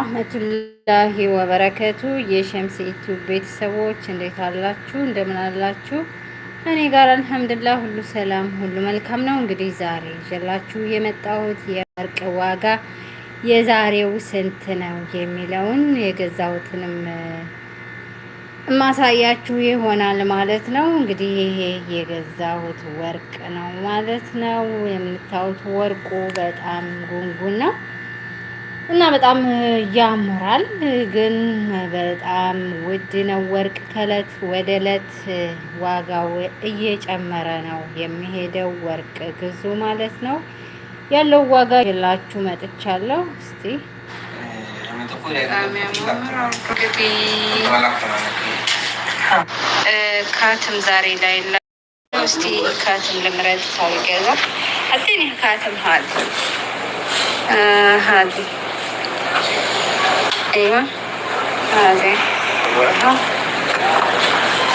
አህመቱላሂ ወበረከቱ የሸምሴቱ ቤተሰቦች እንዴት አላችሁ? እንደምን አላችሁ? እኔ ጋር አልሐምድላ ሁሉ ሰላም፣ ሁሉ መልካም ነው። እንግዲህ ዛሬ ይዤላችሁ የመጣሁት የወርቅ ዋጋ የዛሬው ስንት ነው የሚለውን የገዛሁትንም ማሳያችሁ ይሆናል ማለት ነው። እንግዲህ ይሄ የገዛሁት ወርቅ ነው ማለት ነው። የምታዩት ወርቁ በጣም ጉንጉን ነው። እና በጣም ያምራል፣ ግን በጣም ውድ ነው። ወርቅ ከእለት ወደ እለት ዋጋው እየጨመረ ነው የሚሄደው። ወርቅ ግዙ ማለት ነው። ያለው ዋጋ ላችሁ መጥቻለሁ። እስቲ ካትም ዛሬ ላይ እስቲ ካትም ልምረት ታልገዛ አጤኔ ካትም ሀል ሀል ይሁን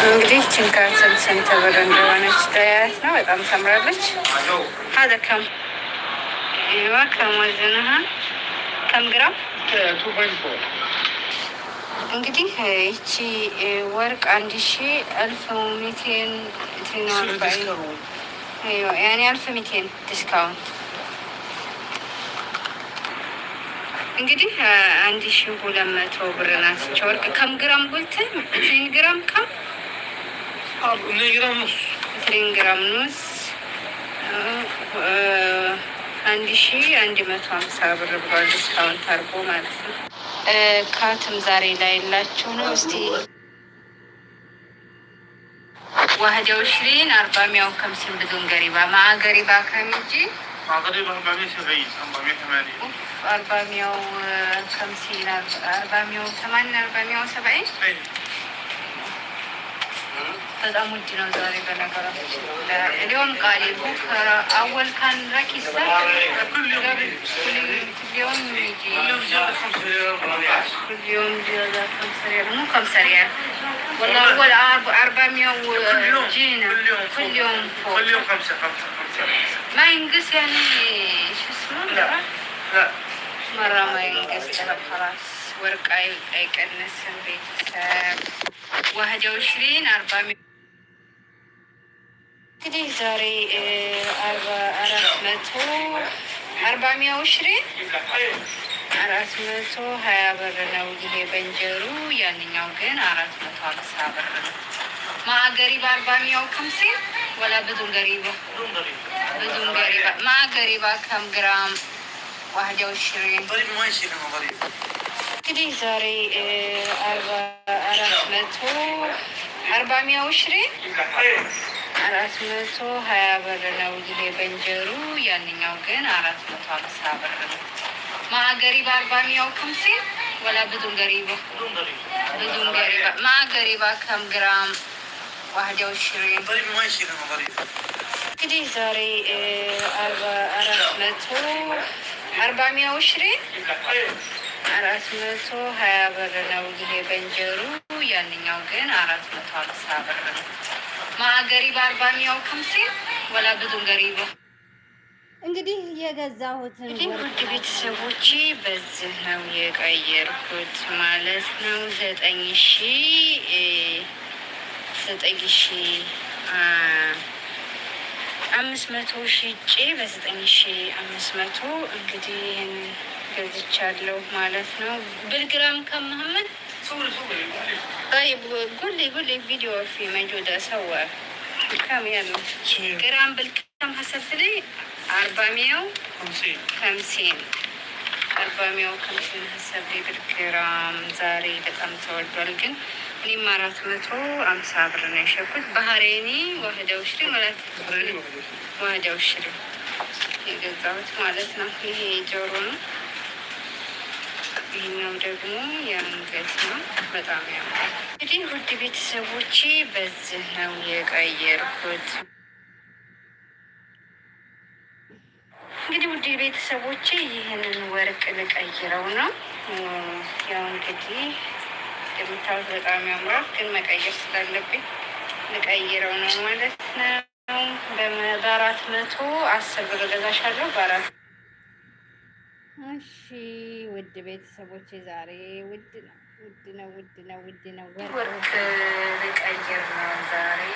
እንግዲህ ችንካር ስልስን ተብሎ እንደሆነች ተያያት ነው። በጣም ታምራለች። ሀደ ከም ይዋ ከመዝንሃ ከም ግራም እንግዲህ ይቺ ወርቅ አንድ ሺ አልፍ ሚቴን ያኔ አልፍ ሚቴን ዲስካውንት እንግዲህ አንድ ሺ ሁለት መቶ ብር ናስቸ ወርቅ ከም ግራም ጉልት ትሪን ግራም ከም ትሪን ግራም ኑስ አንድ ሺ አንድ መቶ ሀምሳ ብር ብሏል። ዲስካውንት አድርጎ ማለት ነው። ካትም ዛሬ ላይ የላችሁ ነው። እስቲ ዋህደው ሽሪን አርባ ሚያው ከምሲን ብዙን ገሪባ ማአ ገሪባ ከም እንጂ تعتقدي ب 470 480 اوف 450 408 470 ايوه በጣም ውድ ነው ዛሬ። በነገራችን ሊሆን ቃል አወል ካን ረኪሳ ሊሆን ሊሆን ከምሰር ያል والله أول أربعمية وجينا كل يوم كل يوم كل يوم خمسة خمسة መንግስት ያኔ መራ መንግስት ራስ ወርቅ አይቀንስም። ቤተሰብ ዋህዳው ሽሪን አርባ እንግዲህ ዛሬ አራት መቶ አርባ ሚያው ሽሪን አራት መቶ ሀያ ብር ነው ይሄ በእንጀሩ። ያንኛው ግን አራት መቶ አምሳ ብር ነው። ማአገሪ በአርባ ሚያው ከምሴ wala بدون قريبة بدون قريبة مع قريبة كم جرام واحدة وعشرين طيب ما يصير قريبة እንግዲህ ዛሬ አርባ አራት መቶ አርባ ሚያ ውሽሬን አራት መቶ ሀያ ብር ነው ይሄ በእንጀሩ። ያንኛው ግን አራት መቶ አምሳ ብር ነው። ማገሪባ አርባ ሚያው ከምሴ ወላ ብዙን ገሪባ ብዙን ገሪባ ግራም ዋህዲያው ሽሬ እንግዲህ ዛሬ አራት መቶ ሽሬ አራት መቶ ሀያ ብር ነው ይሄ በእንጀሩ፣ ያንኛው ግን አራት መቶ አምሳ ብር ነው። ማገሪ በአርባሚያው ከምሴ ወላ ብዙ እንግዲህ የገዛሁትን ውድ ቤተሰቦቼ በዚህ ነው የቀየርኩት ማለት ነው ዘጠኝ ሺ ዘጠኝ ሺ አምስት መቶ ሽጬ በዘጠኝ ሺ አምስት መቶ እንግዲህ ይህን ገዝቻለሁ ማለት ነው። ብልግራም ከመሀመድ ጉሌ ጉሌ ቪዲዮ ፊ መጆዳ ሰወ ብልካም ያለው ግራም ብልካም ሀሰት ላይ አርባ ከምሴን አርባሚያው ከምሴን ሀሰብ ብልግራም ዛሬ በጣም ተወዷል ግን እኔም አራት መቶ አምሳ ብር ነው የሸኩት። ባህሬኒ ዋህዳ ውሽሪ ማለት ዋህዳ ውሽሪ የገዛሁት ማለት ነው። ይሄ ጆሮ ነው። ይህኛው ደግሞ የአንገት ነው። በጣም ያ እንግዲህ ውድ ቤተሰቦች በዚህ ነው የቀየርኩት። እንግዲህ ውድ ቤተሰቦች ይህንን ወርቅ ልቀይረው ነው ያው እንግዲህ እንደምታዩት በጣም ያምራል፣ ግን መቀየር ስላለብኝ ልቀይረው ነው ማለት ነው። በአራት መቶ አስር ብር ገዛሻለሁ በአራት እሺ ውድ ቤተሰቦች ዛሬ ውድ ነው ውድ ነው ውድ ነው ውድ ነው። ወርቅ ልቀይር ነው ዛሬ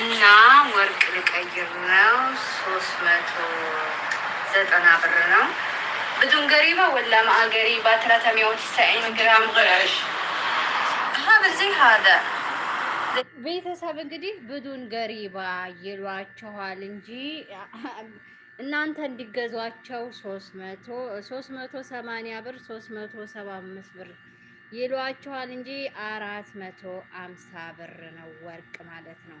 እና ወርቅ ልቀይር ነው ሶስት መቶ ዘጠና ብር ነው። بدون قريبة ولا مع قريبة 390 جرام غرش هذا زي هذا ቤተሰብ እንግዲህ ብዱን ገሪባ ይሏቸዋል እንጂ እናንተ እንዲገዟቸው ሶስት መቶ ሶስት መቶ ሰማንያ ብር ሶስት መቶ ሰባ አምስት ብር ይሏቸዋል እንጂ አራት መቶ አምሳ ብር ነው ወርቅ ማለት ነው።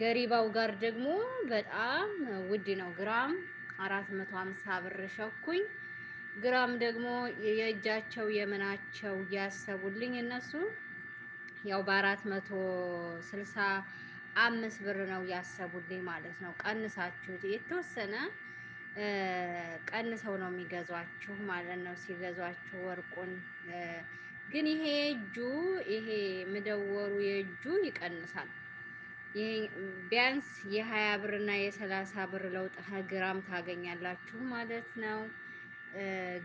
ገሪባው ጋር ደግሞ በጣም ውድ ነው። ግራም አራት መቶ አምሳ ብር ሸኩኝ ግራም ደግሞ የእጃቸው የምናቸው እያሰቡልኝ እነሱ ያው በአራት መቶ ስልሳ አምስት ብር ነው ያሰቡልኝ ማለት ነው። ቀንሳችሁ የተወሰነ ቀንሰው ነው የሚገዟችሁ ማለት ነው። ሲገዟችሁ ወርቁን ግን ይሄ እጁ ይሄ ምደወሩ የእጁ ይቀንሳል። ቢያንስ የሀያ ብርና የሰላሳ ብር ለውጥ ግራም ታገኛላችሁ ማለት ነው።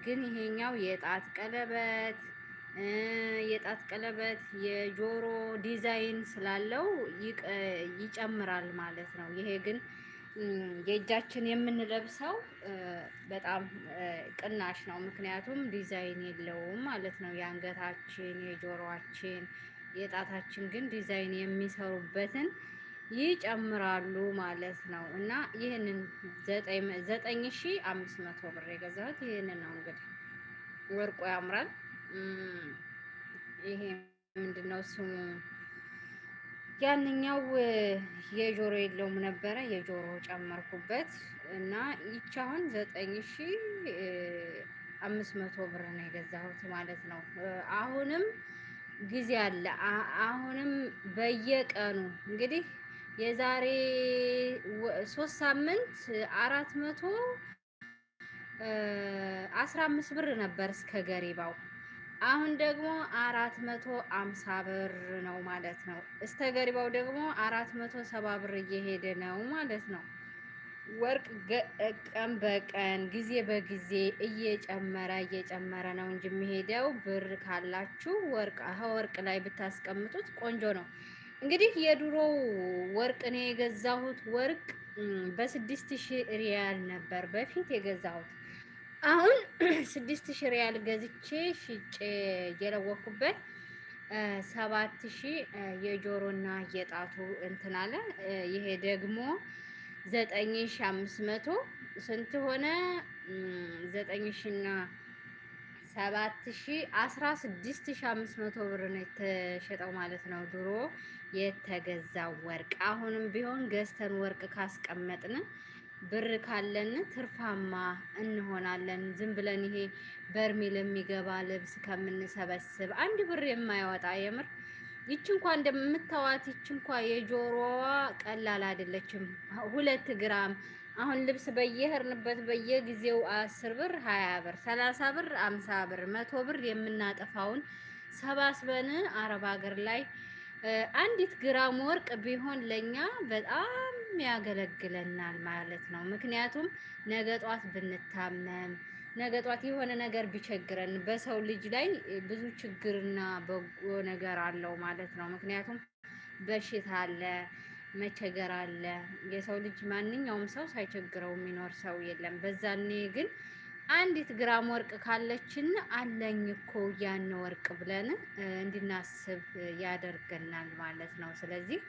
ግን ይሄኛው የጣት ቀለበት የጣት ቀለበት የጆሮ ዲዛይን ስላለው ይጨምራል ማለት ነው። ይሄ ግን የእጃችን የምንለብሰው በጣም ቅናሽ ነው። ምክንያቱም ዲዛይን የለውም ማለት ነው። የአንገታችን፣ የጆሮአችን፣ የጣታችን ግን ዲዛይን የሚሰሩበትን ይጨምራሉ ማለት ነው። እና ይህንን ዘጠኝ ሺ አምስት መቶ ብር የገዛሁት ይህንን ነው። እንግዲህ ወርቆ ያምራል። ይሄ ምንድን ነው ስሙ? ያንኛው የጆሮ የለውም ነበረ፣ የጆሮ ጨመርኩበት እና ይቺ አሁን ዘጠኝ ሺ አምስት መቶ ብር ነው የገዛሁት ማለት ነው። አሁንም ጊዜ አለ። አሁንም በየቀኑ እንግዲህ የዛሬ ሶስት ሳምንት አራት መቶ አስራ አምስት ብር ነበር እስከ ገሪባው። አሁን ደግሞ አራት መቶ አምሳ ብር ነው ማለት ነው። እስከ ገሪባው ደግሞ አራት መቶ ሰባ ብር እየሄደ ነው ማለት ነው። ወርቅ ቀን በቀን ጊዜ በጊዜ እየጨመረ እየጨመረ ነው እንጂ የሚሄደው። ብር ካላችሁ ወርቅ ወርቅ ላይ ብታስቀምጡት ቆንጆ ነው። እንግዲህ የድሮው ወርቅ እኔ የገዛሁት ወርቅ በስድስት ሺህ ሪያል ነበር በፊት የገዛሁት። አሁን ስድስት ሺህ ሪያል ገዝቼ ሽጬ የለወኩበት ሰባት ሺህ የጆሮና የጣቱ እንትን አለ። ይሄ ደግሞ ዘጠኝ ሺህ አምስት መቶ ስንት ሆነ? ዘጠኝ ሺህና ሰባት ሺህ አስራ ስድስት ሺህ አምስት መቶ ብር ነው የተሸጠው ማለት ነው ድሮ የተገዛ ወርቅ አሁንም ቢሆን ገዝተን ወርቅ ካስቀመጥን ብር ካለን ትርፋማ እንሆናለን። ዝም ብለን ይሄ በርሜል የሚገባ ልብስ ከምንሰበስብ አንድ ብር የማያወጣ የምር ይች እንኳ እንደምታዋት ይች እንኳ የጆሮዋ ቀላል አይደለችም። ሁለት ግራም አሁን ልብስ በየህርንበት በየጊዜው አስር ብር፣ ሀያ ብር፣ ሰላሳ ብር፣ አምሳ ብር፣ መቶ ብር የምናጠፋውን ሰባስበን አረብ ሀገር ላይ አንዲት ግራም ወርቅ ቢሆን ለኛ በጣም ያገለግለናል ማለት ነው። ምክንያቱም ነገ ጧት ብንታመም ነገ ጧት የሆነ ነገር ቢቸግረን በሰው ልጅ ላይ ብዙ ችግርና በጎ ነገር አለው ማለት ነው። ምክንያቱም በሽታ አለ፣ መቸገር አለ። የሰው ልጅ ማንኛውም ሰው ሳይቸግረው የሚኖር ሰው የለም። በዛኔ ግን አንዲት ግራም ወርቅ ካለችን አለኝ እኮ ያን ወርቅ ብለን እንድናስብ ያደርገናል ማለት ነው። ስለዚህ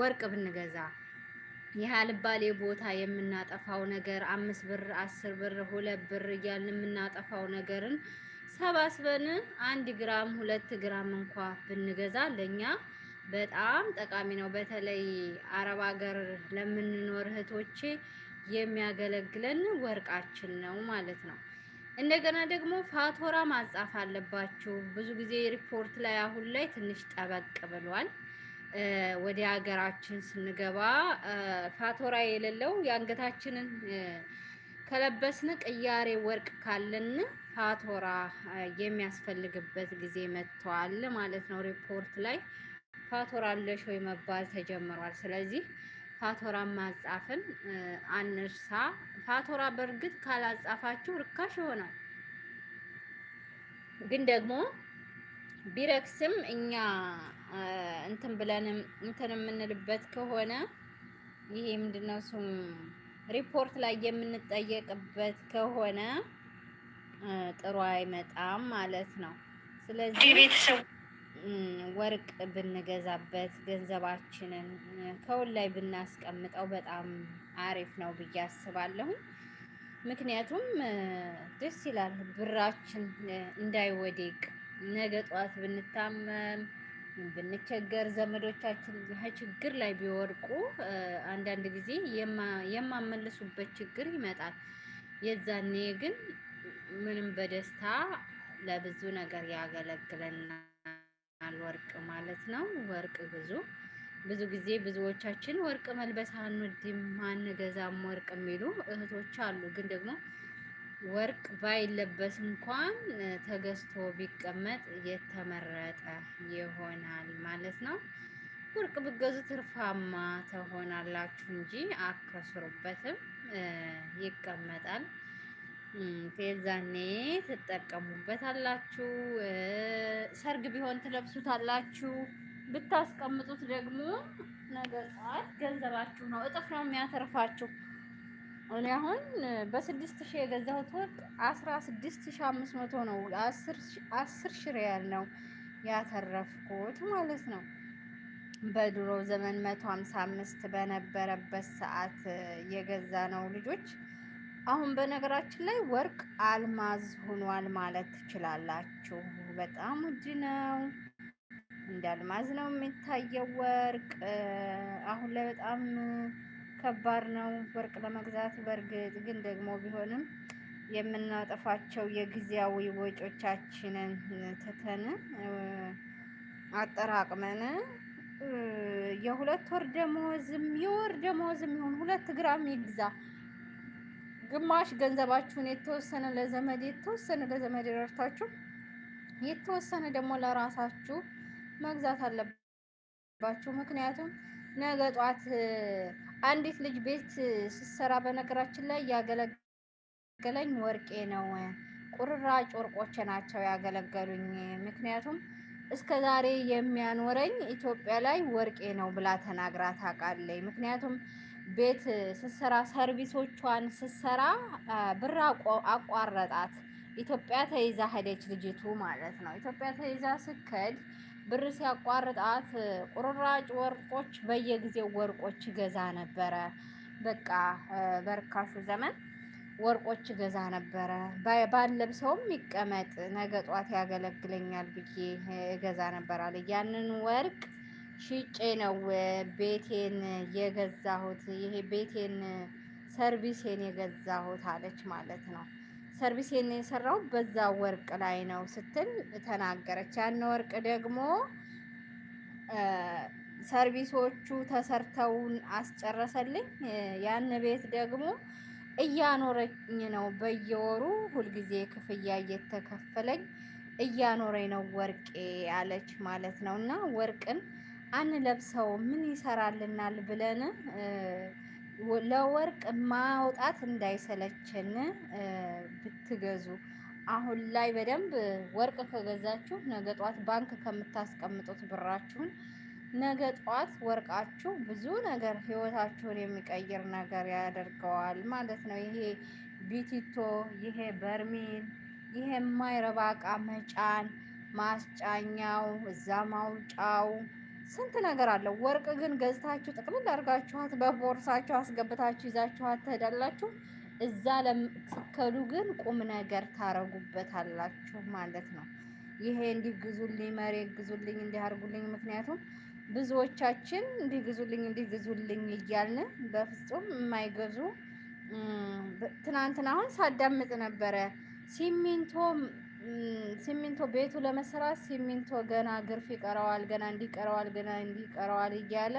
ወርቅ ብንገዛ ይህ ቦታ የምናጠፋው ነገር አምስት ብር፣ አስር ብር፣ ሁለት ብር እያልን የምናጠፋው ነገርን ሰባስበን አንድ ግራም ሁለት ግራም እንኳ ብንገዛ ለእኛ በጣም ጠቃሚ ነው። በተለይ አረብ ሀገር ለምንኖር እህቶቼ የሚያገለግለን ወርቃችን ነው ማለት ነው። እንደገና ደግሞ ፋቶራ ማጻፍ አለባችሁ። ብዙ ጊዜ ሪፖርት ላይ አሁን ላይ ትንሽ ጠበቅ ብሏል። ወደ ሀገራችን ስንገባ ፋቶራ የሌለው የአንገታችንን ከለበስን ቅያሬ ወርቅ ካለን ፋቶራ የሚያስፈልግበት ጊዜ መጥቷል ማለት ነው። ሪፖርት ላይ ፋቶራ አለሽ ወይ መባል ተጀምሯል። ስለዚህ ፋቶራ ማጻፍን አንርሳ። ፋቶራ በእርግጥ ካላጻፋችሁ ርካሽ ይሆናል፣ ግን ደግሞ ቢረክስም እኛ እንትን ብለንም እንትን የምንልበት ከሆነ ይሄ ምንድነው ስሙ ሪፖርት ላይ የምንጠየቅበት ከሆነ ጥሩ አይመጣም ማለት ነው። ስለዚህ ቤተሰብ ወርቅ ብንገዛበት ገንዘባችንን ከውል ላይ ብናስቀምጠው በጣም አሪፍ ነው ብዬ አስባለሁ። ምክንያቱም ደስ ይላል ብራችን እንዳይወድቅ ነገ ጠዋት ብንታመም ብንቸገር ዘመዶቻችን ችግር ላይ ቢወድቁ አንዳንድ ጊዜ የማመልሱበት ችግር ይመጣል። የዛኔ ግን ምንም በደስታ ለብዙ ነገር ያገለግለናል። ይሆናል ወርቅ ማለት ነው። ወርቅ ብዙ ብዙ ጊዜ ብዙዎቻችን ወርቅ መልበስ አንወድም፣ አንገዛም ወርቅ የሚሉ እህቶች አሉ። ግን ደግሞ ወርቅ ባይለበስ እንኳን ተገዝቶ ቢቀመጥ የተመረጠ ይሆናል ማለት ነው። ወርቅ ብገዙ ትርፋማ ትሆናላችሁ እንጂ አከስሩበትም፣ ይቀመጣል። ከዛኔ ትጠቀሙበታላችሁ። ሰርግ ቢሆን ትለብሱታላችሁ። ብታስቀምጡት ደግሞ ነገ ጠዋት ገንዘባችሁ ነው፣ እጥፍ ነው የሚያተርፋችሁ። እኔ አሁን በስድስት ሺህ የገዛሁት ወርቅ አስራ ስድስት ሺህ አምስት መቶ ነው። አስር ሺህ ሪያል ነው ያተረፍኩት ማለት ነው። በድሮ ዘመን መቶ ሀምሳ አምስት በነበረበት ሰዓት የገዛ ነው ልጆች አሁን በነገራችን ላይ ወርቅ አልማዝ ሆኗል ማለት ትችላላችሁ። በጣም ውድ ነው፣ እንደ አልማዝ ነው የሚታየው ወርቅ። አሁን ላይ በጣም ከባድ ነው ወርቅ ለመግዛት። በእርግጥ ግን ደግሞ ቢሆንም የምናጠፋቸው የጊዜያዊ ወጮቻችንን ትተን አጠራቅመን የሁለት ወር ደሞዝም የወር ደሞዝም ይሁን ሁለት ግራም ይግዛ ግማሽ ገንዘባችሁን የተወሰነ ለዘመድ የተወሰነ ለዘመድ ረድታችሁ የተወሰነ ደግሞ ለራሳችሁ መግዛት አለባችሁ። ምክንያቱም ነገ ጧት አንዲት ልጅ ቤት ስትሰራ፣ በነገራችን ላይ ያገለገለኝ ወርቄ ነው። ቁርራጭ ወርቆቼ ናቸው ያገለገሉኝ። ምክንያቱም እስከ ዛሬ የሚያኖረኝ ኢትዮጵያ ላይ ወርቄ ነው ብላ ተናግራ ታውቃለች። ምክንያቱም ቤት ስትሰራ ሰርቪሶቿን ስትሰራ ብር አቋረጣት። ኢትዮጵያ ተይዛ ሄደች ልጅቱ ማለት ነው። ኢትዮጵያ ተይዛ ስከድ ብር ሲያቋርጣት ቁርራጭ ወርቆች በየጊዜው ወርቆች ገዛ ነበረ። በቃ በርካሹ ዘመን ወርቆች ገዛ ነበረ። ባለብሰውም ይቀመጥ ነገ ጧት ያገለግለኛል ብዬ ገዛ ነበር አለ ያንን ወርቅ ሽጬ ነው ቤቴን የገዛሁት። ይሄ ቤቴን ሰርቪሴን የገዛሁት አለች ማለት ነው። ሰርቪሴን የሰራው በዛ ወርቅ ላይ ነው ስትል ተናገረች። ያን ወርቅ ደግሞ ሰርቪሶቹ ተሰርተውን አስጨረሰልኝ። ያን ቤት ደግሞ እያኖረኝ ነው። በየወሩ ሁልጊዜ ክፍያ እየተከፈለኝ እያኖረኝ ነው ወርቄ አለች ማለት ነው እና ወርቅን አንለብሰው ምን ይሰራልናል ብለን ለወርቅ ማውጣት እንዳይሰለችን ብትገዙ። አሁን ላይ በደንብ ወርቅ ከገዛችሁ ነገ ጠዋት ባንክ ከምታስቀምጡት ብራችሁን ነገ ጠዋት ወርቃችሁ ብዙ ነገር ህይወታችሁን የሚቀይር ነገር ያደርገዋል ማለት ነው። ይሄ ቢቲቶ፣ ይሄ በርሚል፣ ይሄ የማይረባ እቃ መጫን ማስጫኛው፣ እዛ ማውጫው ስንት ነገር አለው። ወርቅ ግን ገዝታችሁ ጥቅልል አድርጋችኋት በቦርሳችሁ አስገብታችሁ ይዛችኋት ትሄዳላችሁ። እዛ ለምትከዱ ግን ቁም ነገር ታረጉበታላችሁ ማለት ነው። ይሄ እንዲግዙልኝ ግዙልኝ፣ መሬ ግዙልኝ፣ እንዲያርጉልኝ። ምክንያቱም ብዙዎቻችን እንዲግዙልኝ እንዲግዙልኝ እያልን በፍጹም የማይገዙ ትናንትና አሁን ሳዳምጥ ነበረ ሲሚንቶ ሲሚንቶ ቤቱ ለመስራት ሲሚንቶ ገና ግርፍ ይቀረዋል፣ ገና እንዲቀረዋል፣ ገና እንዲቀረዋል እያለ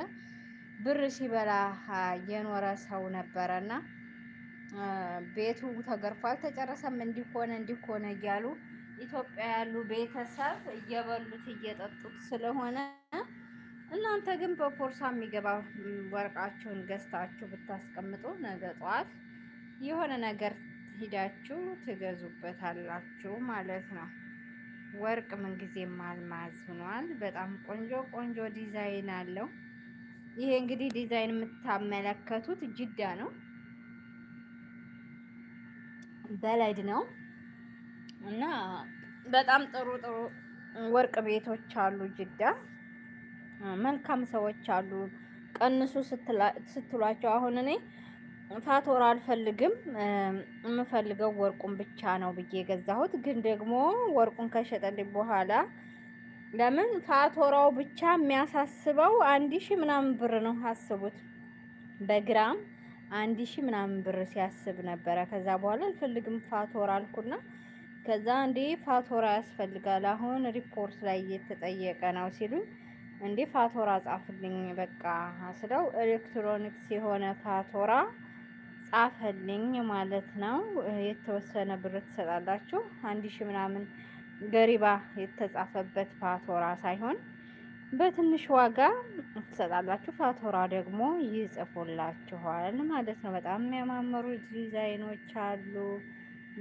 ብር ሲበላ የኖረ ሰው ነበረና ቤቱ ተገርፎ አልተጨረሰም። እንዲሆነ እንዲሆነ እያሉ ኢትዮጵያ ያሉ ቤተሰብ እየበሉት እየጠጡት ስለሆነ እናንተ ግን በፖርሳ የሚገባ ወርቃችሁን ገዝታችሁ ብታስቀምጡ ነገ ጠዋት የሆነ ነገር ሂዳችሁ ትገዙበታላችሁ ማለት ነው። ወርቅ ምንጊዜም አልማዝ ሆኗል። በጣም ቆንጆ ቆንጆ ዲዛይን አለው። ይሄ እንግዲህ ዲዛይን የምታመለከቱት ጅዳ ነው፣ በለድ ነው እና በጣም ጥሩ ጥሩ ወርቅ ቤቶች አሉ ጅዳ። መልካም ሰዎች አሉ። ቀንሱ ስትሏቸው አሁን እኔ ፋቶር አልፈልግም። የምፈልገው ወርቁን ብቻ ነው ብዬ የገዛሁት። ግን ደግሞ ወርቁን ከሸጠልኝ በኋላ ለምን ፋቶራው ብቻ የሚያሳስበው አንድ ሺ ምናምን ብር ነው። አስቡት፣ በግራም አንድ ሺ ምናምን ብር ሲያስብ ነበረ። ከዛ በኋላ አልፈልግም ፋቶራ አልኩና ከዛ እንዴ ፋቶራ ያስፈልጋል አሁን ሪፖርት ላይ እየተጠየቀ ነው ሲሉኝ እንዴ ፋቶራ ጻፍልኝ በቃ ስለው ኤሌክትሮኒክስ የሆነ ፋቶራ ጻፈልኝ ማለት ነው። የተወሰነ ብር ትሰጣላችሁ። አንድ ሺህ ምናምን ገሪባ የተጻፈበት ፋቶራ ሳይሆን በትንሽ ዋጋ ትሰጣላችሁ። ፋቶራ ደግሞ ይጽፉላችኋል ማለት ነው። በጣም የሚያማምሩ ዲዛይኖች አሉ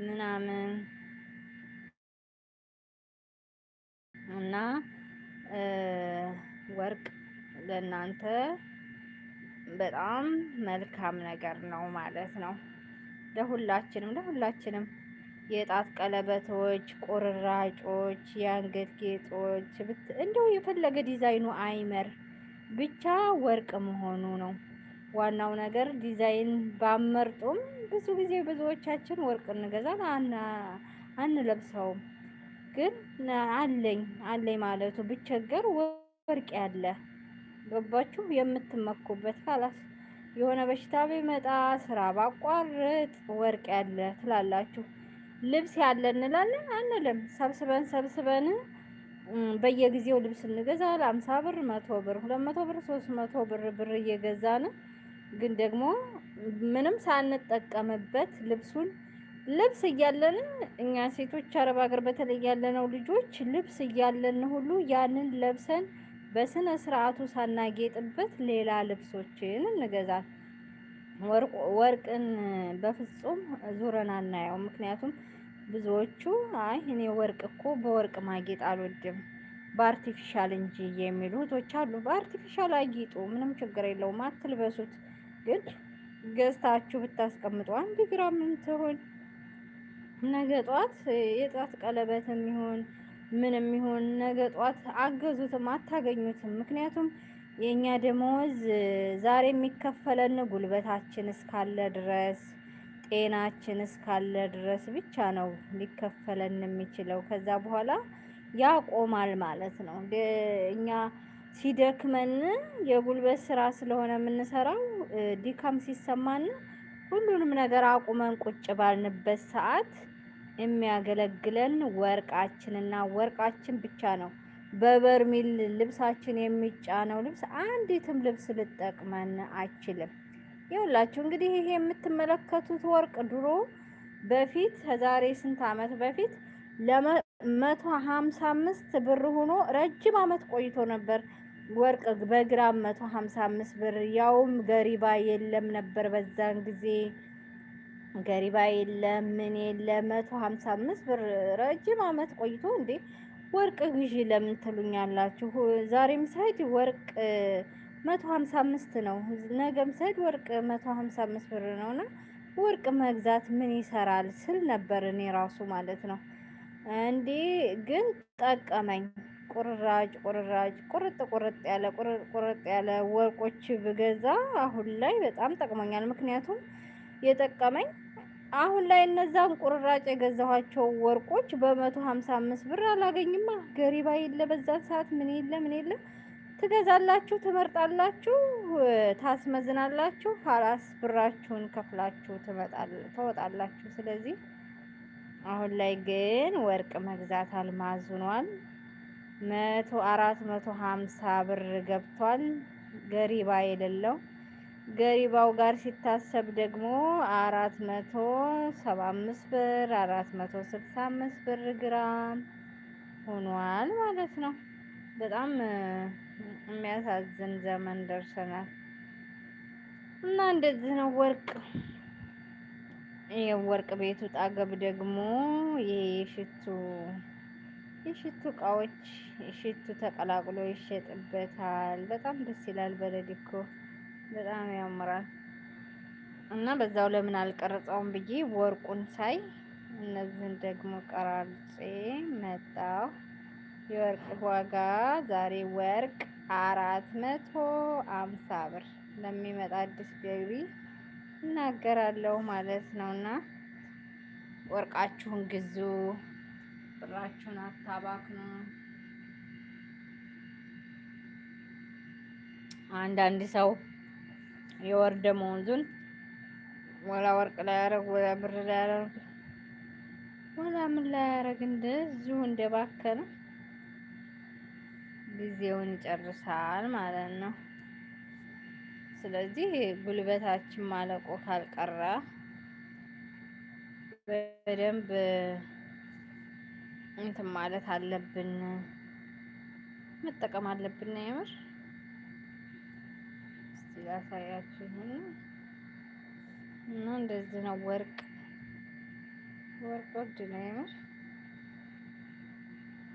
ምናምን እና ወርቅ ለእናንተ በጣም መልካም ነገር ነው ማለት ነው። ለሁላችንም ለሁላችንም የጣት ቀለበቶች፣ ቁርራጮች፣ የአንገት ጌጦች እንደው የፈለገ ዲዛይኑ አይመር ብቻ ወርቅ መሆኑ ነው ዋናው ነገር። ዲዛይን ባመርጡም ብዙ ጊዜ ብዙዎቻችን ወርቅ እንገዛን አንለብሰውም። ግን አለኝ አለኝ ማለቱ ብቸገር ወርቅ ያለ ገባችሁ? የምትመኩበት ካላስ የሆነ በሽታ ቢመጣ ስራ ባቋርጥ ወርቅ ያለ ትላላችሁ፣ ልብስ ያለ እንላለን አንልም። ሰብስበን ሰብስበን በየጊዜው ልብስ እንገዛ ለአምሳ ብር፣ መቶ ብር፣ ሁለት መቶ ብር፣ ሶስት መቶ ብር ብር እየገዛን ግን ደግሞ ምንም ሳንጠቀምበት ልብሱን ልብስ እያለን እኛ ሴቶች አረብ ሀገር በተለይ ያለነው ልጆች ልብስ እያለን ሁሉ ያንን ለብሰን በስነ ስርዓቱ ሳናጌጥበት ሌላ ልብሶችን እንገዛል። ወርቅን በፍጹም ዙረን አናየው። ምክንያቱም ብዙዎቹ አይ እኔ ወርቅ እኮ በወርቅ ማጌጥ አልወድም በአርቲፊሻል እንጂ የሚሉ እህቶች አሉ። በአርቲፊሻል አጊጡ፣ ምንም ችግር የለውም፣ አትልበሱት። ግን ገዝታችሁ ብታስቀምጡ አንድ ግራም ምን ትሆን ነገ ጠዋት የጣት ቀለበትም ይሆን ምንም ይሁን ነገ ጧት አገዙትም አታገኙትም። ምክንያቱም የእኛ ደመወዝ ዛሬ የሚከፈለን ጉልበታችን እስካለ ድረስ ጤናችን እስካለ ድረስ ብቻ ነው ሊከፈለን የሚችለው። ከዛ በኋላ ያቆማል ማለት ነው። እኛ ሲደክመን የጉልበት ስራ ስለሆነ የምንሰራው ድካም ሲሰማን ሁሉንም ነገር አቁመን ቁጭ ባልንበት ሰዓት የሚያገለግለን ወርቃችንና ወርቃችን ብቻ ነው። በበርሚል ልብሳችን የሚጫነው ልብስ አንዲትም ልብስ ልጠቅመን አይችልም። ይኸውላችሁ እንግዲህ ይሄ የምትመለከቱት ወርቅ ድሮ በፊት ከዛሬ ስንት ዓመት በፊት ለመቶ ሀምሳ አምስት ብር ሆኖ ረጅም ዓመት ቆይቶ ነበር። ወርቅ በግራም መቶ ሀምሳ አምስት ብር ያውም ገሪባ የለም ነበር በዛን ጊዜ ገሪባ የለ ምን የለ መቶ ሀምሳ አምስት ብር ረጅም አመት ቆይቶ እንዴ ወርቅ ግዢ ለምን ትሉኛላችሁ? ዛሬም ሰድ ወርቅ መቶ ሀምሳ አምስት ነው፣ ነገም ሰድ ወርቅ መቶ ሀምሳ አምስት ብር ነውና ወርቅ መግዛት ምን ይሰራል ስል ነበር እኔ ራሱ ማለት ነው። እንዴ ግን ጠቀመኝ። ቁርራጭ ቁርራጭ ቁርጥ ቁርጥ ያለ ቁርጥ ቁርጥ ያለ ወርቆች ብገዛ አሁን ላይ በጣም ጠቅሞኛል። ምክንያቱም የጠቀመኝ አሁን ላይ እነዛን ቁርራጭ የገዛኋቸው ወርቆች በመቶ ሀምሳ አምስት ብር አላገኝማ። ገሪባ የለ በዛን ሰዓት ምን የለ ምን የለ። ትገዛላችሁ፣ ትመርጣላችሁ፣ ታስመዝናላችሁ፣ ሀላስ ብራችሁን ከፍላችሁ ትወጣላችሁ። ስለዚህ አሁን ላይ ግን ወርቅ መግዛት አልማዝ መቶ አራት መቶ ሀምሳ ብር ገብቷል ገሪባ የሌለው ገሪባው ጋር ሲታሰብ ደግሞ አራት መቶ ሰባ አምስት ብር አራት መቶ ስልሳ አምስት ብር ግራም ሆኗል ማለት ነው። በጣም የሚያሳዝን ዘመን ደርሰናል እና እንደዚህ ነው ወርቅ የወርቅ ቤቱ ጣገብ ደግሞ የሽቱ የሽቱ እቃዎች የሽቱ ተቀላቅሎ ይሸጥበታል። በጣም ደስ ይላል በለዲኮ። በጣም ያምራል እና በዛው ለምን አልቀረጸውም ብዬ ወርቁን ሳይ እነዚህን ደግሞ ቀራርጬ መጣሁ። የወርቅ ዋጋ ዛሬ ወርቅ አራት መቶ አምሳ ብር ለሚመጣ አዲስ ገቢ እናገራለሁ ማለት ነው። እና ወርቃችሁን ግዙ፣ ብራችሁን አታባክኑ። አንዳንድ ሰው የወር ደመወዙን ወላ ወርቅ ላይ ያረግ ወላ ብር ላይ ያረግ ወላ ምን ላይ ያረግ እንደዚሁ እንደባከነ ጊዜውን ይጨርሳል ማለት ነው። ስለዚህ ጉልበታችን ማለቆ ካልቀረ በደንብ እንትን ማለት አለብን፣ መጠቀም አለብን የምር ላሳያችሁ እና እንደዚህ ነው። ወርቅ ወርቅ ውድ ነው የምር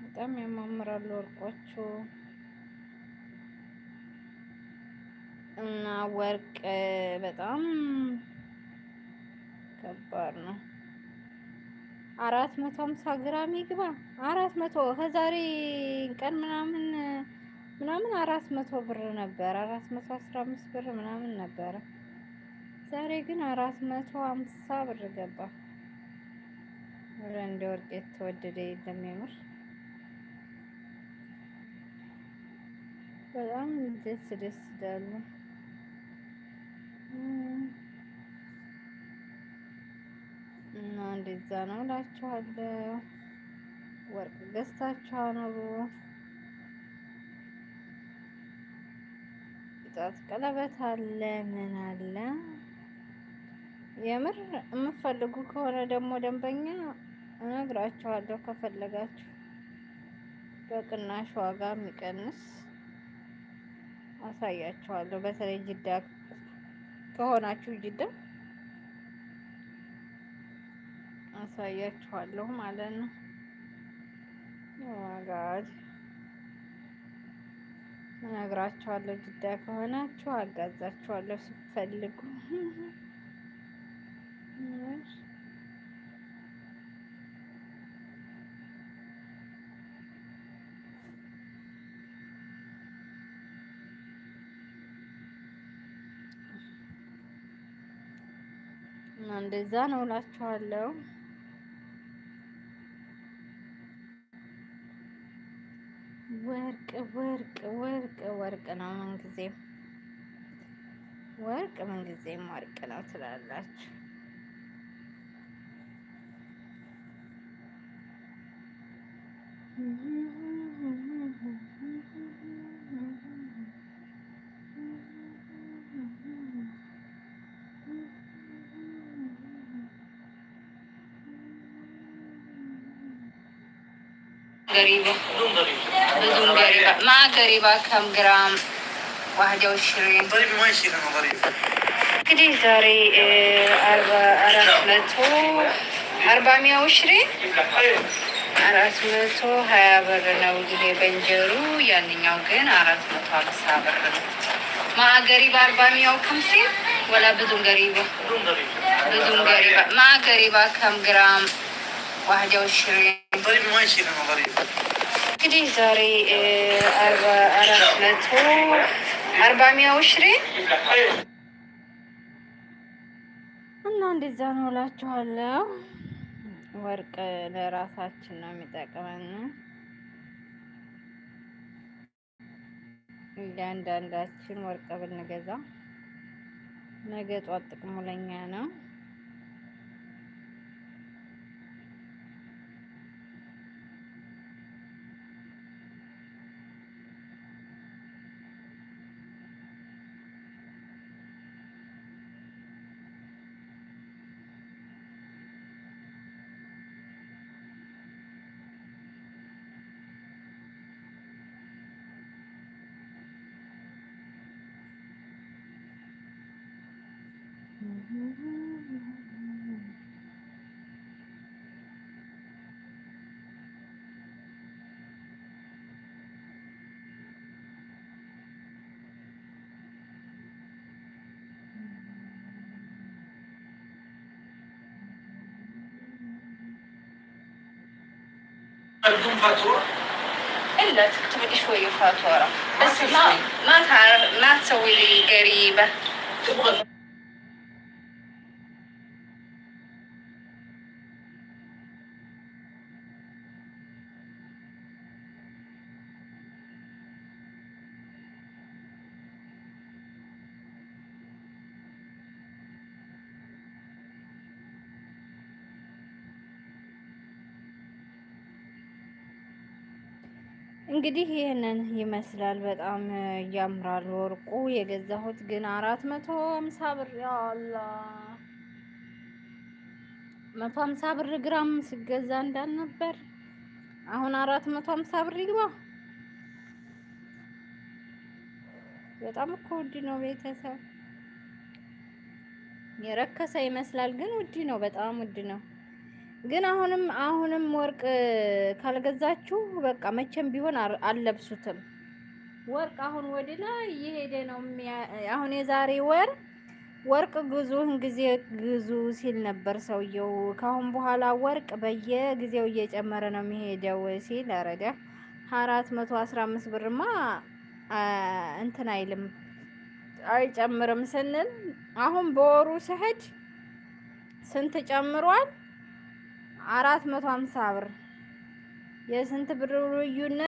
በጣም ያማምራሉ ወርቆቹ እና ወርቅ በጣም ከባድ ነው። አራት መቶ ሀምሳ ግራም ይግባ አራት መቶ ከዛሬ ቀን ምናምን ምናምን አራት መቶ ብር ነበረ፣ አራት መቶ አስራ አምስት ብር ምናምን ነበረ። ዛሬ ግን አራት መቶ አምሳ ብር ገባ። ብር እንደ ወርቅ የተወደደ የለም የምር በጣም ደስ ደስ ይላሉ። እና እንደዛ ነው እላችኋለሁ። ወርቅ ገዝታችኋ ነው መስጠት፣ ቀለበት አለ፣ ምን አለ። የምር የምትፈልጉ ከሆነ ደግሞ ደንበኛ እነግራችኋለሁ። ከፈለጋችሁ በቅናሽ ዋጋ የሚቀንስ አሳያችኋለሁ። በተለይ ጅዳ ከሆናችሁ ጅዳ አሳያችኋለሁ ማለት ነው። ዋጋ እነግራችኋለሁ። ጅዳ ከሆናችሁ አጋዛችኋለሁ ስትፈልጉ። እና እንደዛ ነው እላችኋለሁ። ወርቅ ወርቅ ወርቅ ወርቅ ነው ምንጊዜም ወርቅ ምንጊዜም ወርቅ ነው ትላላችሁ። Mm-hmm. Gariba. Dudun gariba. Ma gariba kam ግራም ዋህዳ ሽሬን እንግዲህ ዛሬ አርባ አራት መቶ አርባ ሚያው ሽሬን አራት መቶ ሀያ ብር ነው ጊዜ በእንጀሩ ያንኛው ግን አራት ብር ነው። ማ ገሪባ ከምሴ ወላ ብዙም ገሪባ ብዙም ገሪባ ማ ከም ግራም እንግዲህ ዛሬ አርባ አራት መቶ አርባ ሚያው ሽሪን እና እንደዛ ነው እላችኋለሁ። ወርቅ ለራሳችን ነው የሚጠቅመን። እያንዳንዳችን ወርቅ ብንገዛ ነገ ጧት ጥቅሙ ለኛ ነው። تكتب لي شويه فاتوره بس ما ما تعرف ما تسوي لي قريبه تبغى እንግዲህ ይህንን ይመስላል። በጣም ያምራል ወርቁ። የገዛሁት ግን አራት መቶ ሀምሳ ብር ያላ መቶ ሀምሳ ብር ግራም ስገዛ ነበር። አሁን አራት መቶ ሀምሳ ብር ይግባ። በጣም እኮ ውድ ነው ቤተሰብ። የረከሰ ይመስላል ግን ውድ ነው፣ በጣም ውድ ነው። ግን አሁንም አሁንም ወርቅ ካልገዛችሁ በቃ መቼም ቢሆን አልለብሱትም። ወርቅ አሁን ወደ ላይ እየሄደ ነው። አሁን የዛሬ ወር ወርቅ ግዙህን ጊዜ ግዙ ሲል ነበር ሰውየው። ካሁን በኋላ ወርቅ በየጊዜው እየጨመረ ነው የሚሄደው ሲል ረዳ አራት መቶ አስራ አምስት ብርማ እንትን አይልም አይጨምርም ስንል አሁን በወሩ ስሄድ ስንት ጨምሯል? አራት መቶ ብር የስንት ብር ልዩነት